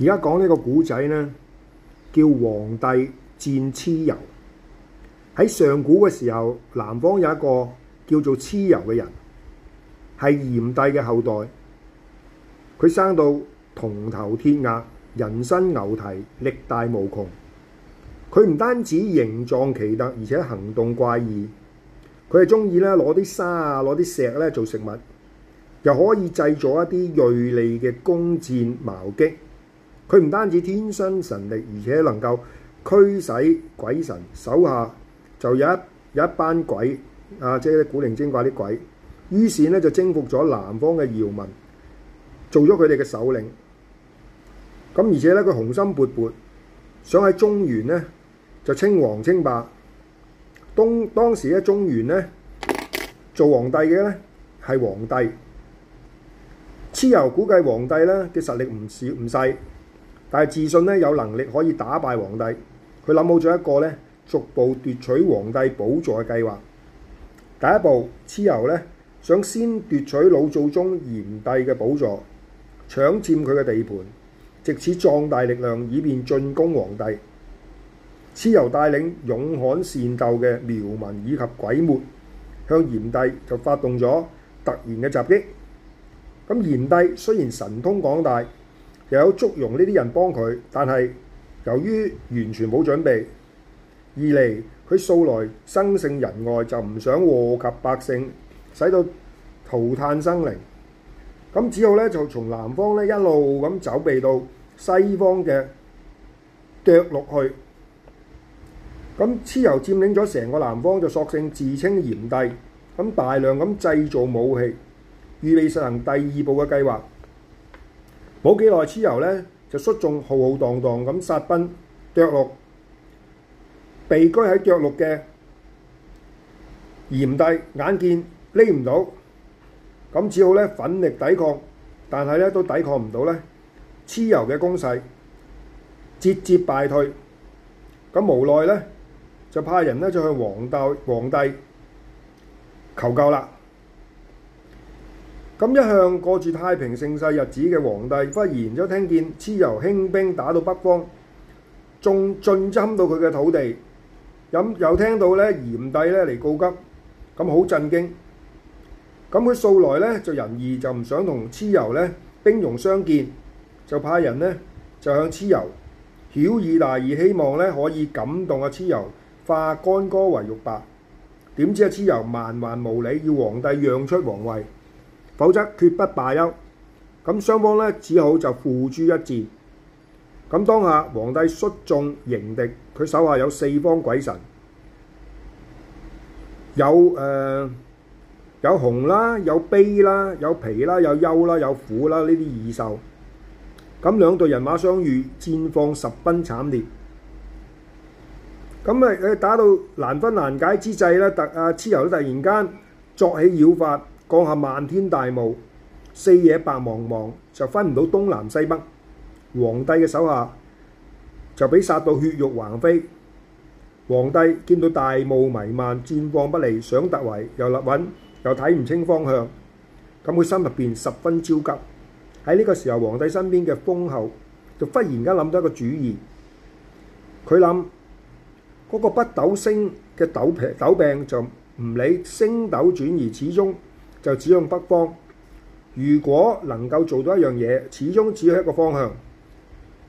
而家講個呢個古仔呢叫《黃帝戰蚩尤》。喺上古嘅時候，南方有一個叫做蚩尤嘅人，係炎帝嘅後代。佢生到銅頭鐵額、人身牛蹄，力大無窮。佢唔單止形狀奇特，而且行動怪異。佢係中意咧攞啲沙啊，攞啲石咧做食物，又可以製造一啲鋭利嘅弓箭、矛擊。矛佢唔單止天生神力，而且能夠驅使鬼神，手下就有一有一班鬼啊，即係古靈精怪啲鬼。於是呢，就征服咗南方嘅苗民，做咗佢哋嘅首領。咁而且呢，佢雄心勃勃，想喺中原呢，就稱王稱霸。東，當時喺中原呢，做皇帝嘅呢，係黃帝，蚩尤估計黃帝呢，嘅實力唔小唔細。但係自信咧，有能力可以打敗黃帝。佢諗好咗一個咧，逐步奪取黃帝寶座嘅計劃。第一步，蚩尤咧想先奪取老祖宗炎帝嘅寶座，搶佔佢嘅地盤，藉此壯大力量，以便進攻黃帝。蚩尤帶領勇悍善鬥嘅苗民以及鬼沒，向炎帝就發動咗突然嘅襲擊。咁炎帝雖然神通廣大。又有祝融呢啲人幫佢，但係由於完全冇準備，二嚟佢素來生性仁愛，就唔想禍及百姓，使到塗炭生靈。咁只好咧就從南方咧一路咁走避到西方嘅角落去。咁蚩尤佔領咗成個南方，就索性自稱炎帝，咁大量咁製造武器，預備實行第二步嘅計劃。冇幾耐，蚩尤咧就率眾浩浩蕩蕩咁殺奔涿鹿，避居喺涿鹿嘅炎帝眼見匿唔到，咁只好呢奮力抵抗，但係呢都抵抗唔到呢，蚩尤嘅攻勢節節敗退，咁無奈呢，就派人呢就向黃帝黃帝求救啦。咁一向過住太平盛世日子嘅黃帝，忽然就聽見蚩尤興兵打到北方，仲進侵到佢嘅土地，咁又聽到咧炎帝咧嚟告急，咁好震驚。咁佢素來咧就仁義就，就唔想同蚩尤咧兵戎相見，就派人呢就向蚩尤曉以大義，希望咧可以感動阿蚩尤化干戈為玉帛。點知阿蚩尤蠻橫無理，要黃帝讓出皇位。否則決不罷休，咁雙方咧只好就付諸一戰。咁當下皇帝率眾迎敵，佢手下有四方鬼神，有誒、呃、有紅啦，有悲啦，有皮啦，有憂啦，有虎啦，呢啲異獸。咁兩隊人馬相遇，戰況十分慘烈。咁咪誒打到難分難解之際啦，突啊蚩尤突然間作起妖法。降下漫天大霧，四野白茫茫，就分唔到東南西北。黃帝嘅手下就俾殺到血肉橫飛。黃帝見到大霧彌漫，戰況不利，想突圍又立穩，又睇唔清方向，咁佢心入邊十分焦急。喺呢個時候，黃帝身邊嘅風后就忽然間諗到一個主意。佢諗嗰個北斗星嘅斗柄，斗柄就唔理星斗轉移，始終就指向北方。如果能夠做到一樣嘢，始終只有一個方向。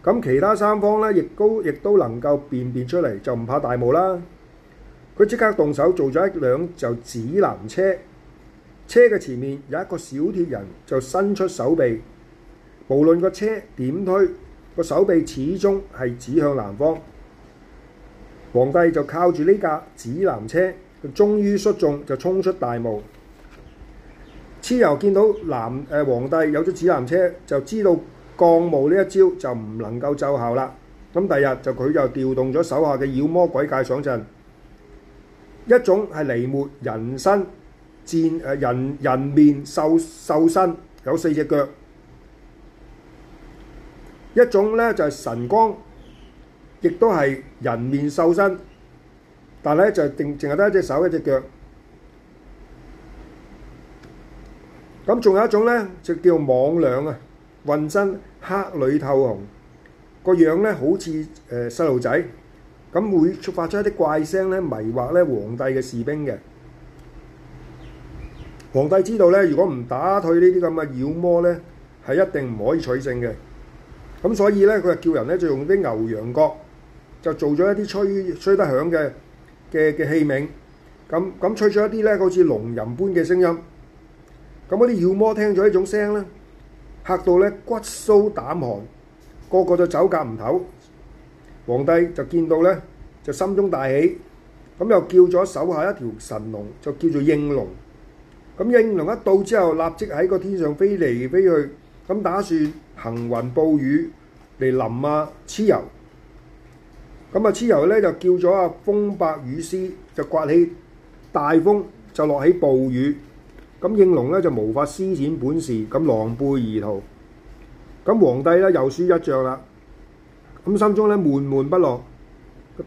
咁其他三方咧，亦都亦都能夠辨別出嚟，就唔怕大霧啦。佢即刻動手做咗一輛就指南車，車嘅前面有一個小鐵人，就伸出手臂。無論個車點推，個手臂始終係指向南方。黃帝就靠住呢架指南車，佢終於率眾就衝出大霧。蚩尤見到南誒皇帝有咗指南車，就知道降霧呢一招就唔能夠奏效啦。咁第二日就佢就調動咗手下嘅妖魔鬼怪上陣，一種係泥末人身戰誒人人面獸獸身，有四隻腳；一種咧就係、是、神光，亦都係人面獸身，但係咧就淨淨係得一隻手一隻腳。咁仲有一種咧，就叫魍魎啊，渾身黑裏透紅，個樣咧好似誒細路仔，咁會發出一啲怪聲咧，迷惑咧黃帝嘅士兵嘅。黃帝知道咧，如果唔打退呢啲咁嘅妖魔咧，係一定唔可以取勝嘅。咁所以咧，佢就叫人咧就用啲牛羊角，就做咗一啲吹吹得響嘅嘅嘅器皿，咁咁吹咗一啲咧好似龍吟般嘅聲音。咁嗰啲妖魔聽咗呢種聲咧，嚇到咧骨酥膽寒，個個就走夾唔唞。黃帝就見到咧，就心中大喜。咁又叫咗手下一條神龍，就叫做應龍。咁應龍一到之後，立即喺個天上飛嚟飛去，咁打算行雲暴雨嚟淋啊蚩尤。咁啊蚩尤咧就叫咗啊風伯雨師，就刮起大風，就落起暴雨。咁應龍咧就無法施展本事，咁狼狽而逃。咁黃帝咧又輸一仗啦，咁心中咧悶悶不樂。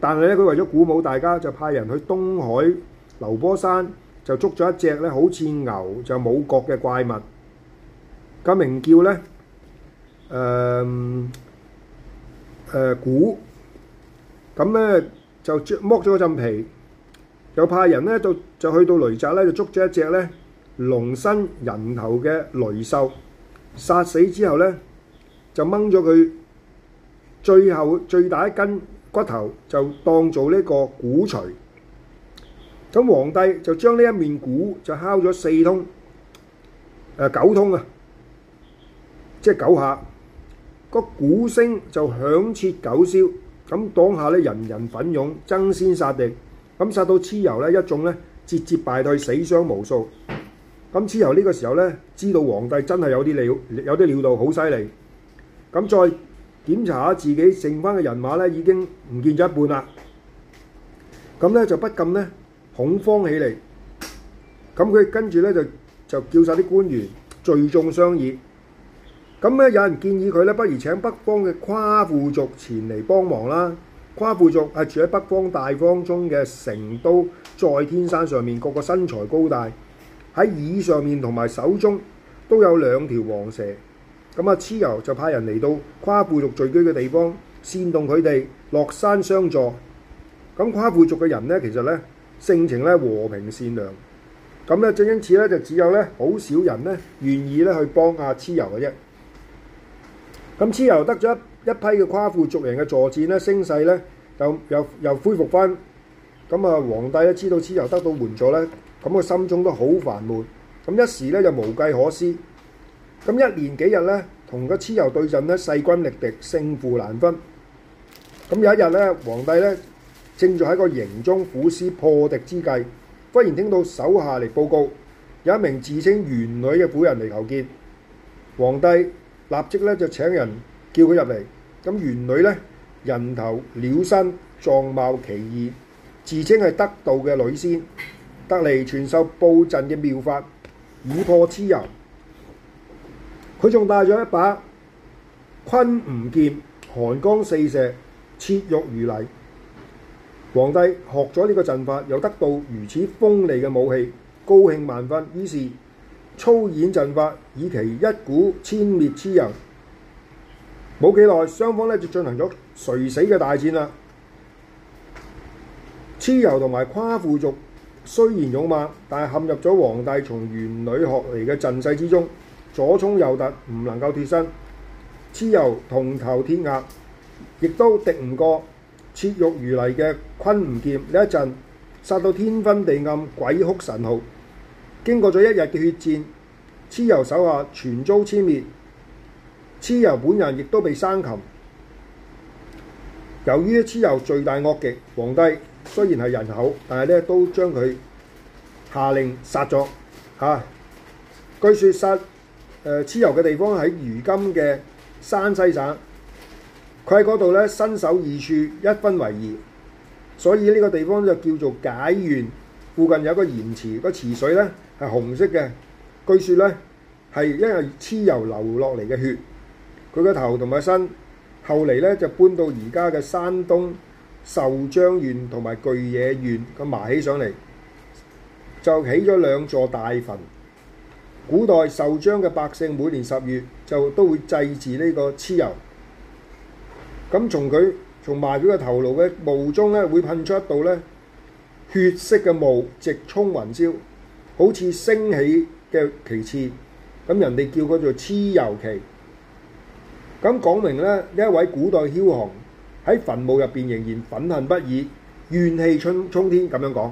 但係咧，佢為咗鼓舞大家，就派人去東海流波山就捉咗一隻咧，好似牛就冇角嘅怪物。咁名叫咧誒誒鼓。咁咧就剝剝咗嗰陣皮，又派人咧就就去到雷澤咧就捉咗一隻咧，龍身人頭嘅雷獸殺死之後呢，就掹咗佢最後最大一根骨頭，就當做呢個鼓槌。咁黃帝就將呢一面鼓就敲咗四通，呃、九通啊，即係九下個鼓聲就響徹九霄。咁當下呢，人人奮勇爭先殺敵，咁殺到蚩尤呢，一眾呢，節節敗退，死傷無數。咁之後呢個時候咧，知道黃帝真係有啲料，有啲料到好犀利。咁再檢查下自己剩翻嘅人馬咧，已經唔見咗一半啦。咁咧就不禁咧恐慌起嚟。咁佢跟住咧就就叫晒啲官員聚眾商議。咁咧有人建議佢咧，不如請北方嘅夸父族前嚟幫忙啦。夸父族係住喺北方大荒中嘅成都載天山上面，個個身材高大。喺椅上面同埋手中都有兩條黃蛇，咁啊蚩尤就派人嚟到夸父族聚居嘅地方，煽動佢哋落山相助。咁夸父族嘅人呢，其實呢性情呢和平善良，咁呢正因此呢，就只有呢好少人呢願意呢去幫阿蚩尤嘅啫。咁蚩尤得咗一批嘅夸父族人嘅助戰呢聲勢呢又又又恢復翻。咁啊皇帝呢，知道蚩尤得到援助呢。咁佢心中都好煩悶，咁一時咧就無計可施。咁一連幾日咧，同個蚩尤對陣呢，勢均力敵，勝負難分。咁有一日咧，黃帝咧正在喺個營中苦思破敵之計，忽然聽到手下嚟報告，有一名自稱玄女嘅婦人嚟求見。黃帝立即咧就請人叫佢入嚟。咁玄女呢，人頭鳥身，狀貌奇異，自稱係得道嘅女仙。得嚟傳授布陣嘅妙法以破蚩尤，佢仲帶咗一把昆吾劍，寒光四射，切玉如泥。黃帝學咗呢個陣法，又得到如此鋒利嘅武器，高興萬分，於是操演陣法，以其一股殲滅蚩尤。冇幾耐，雙方呢就進行咗垂死嘅大戰啦。蚩尤同埋夸父族。雖然勇猛，但係陷入咗黃帝從元女學嚟嘅陣勢之中，左衝右突唔能夠脫身。蚩尤銅頭鐵額，亦都敵唔過切肉如泥嘅昆吾劍。呢一陣殺到天昏地暗、鬼哭神號。經過咗一日嘅血戰，蚩尤手下全遭殲滅，蚩尤本人亦都被生擒。由於蚩尤罪大惡極，黃帝。雖然係人口，但係咧都將佢下令殺咗嚇、啊。據說殺誒蚩尤嘅地方喺如今嘅山西省，佢喺嗰度咧身首異處，一分為二，所以呢個地方就叫做解縣。附近有個鹽池，個池水咧係紅色嘅。據說咧係因為蚩尤流落嚟嘅血，佢個頭同埋身，後嚟咧就搬到而家嘅山東。壽張縣同埋巨野縣，咁埋起上嚟就起咗兩座大墳。古代壽張嘅百姓每年十月就都會祭祀呢個蚩尤。咁從佢從埋咗個頭顱嘅墓中咧，會噴出一道咧血色嘅霧，直衝雲霄，好似升起嘅旗幟。咁人哋叫佢做蚩尤旗。咁講明咧，呢一位古代梟雄喺墳墓入邊仍然憤恨不已，怨氣衝衝天咁樣講。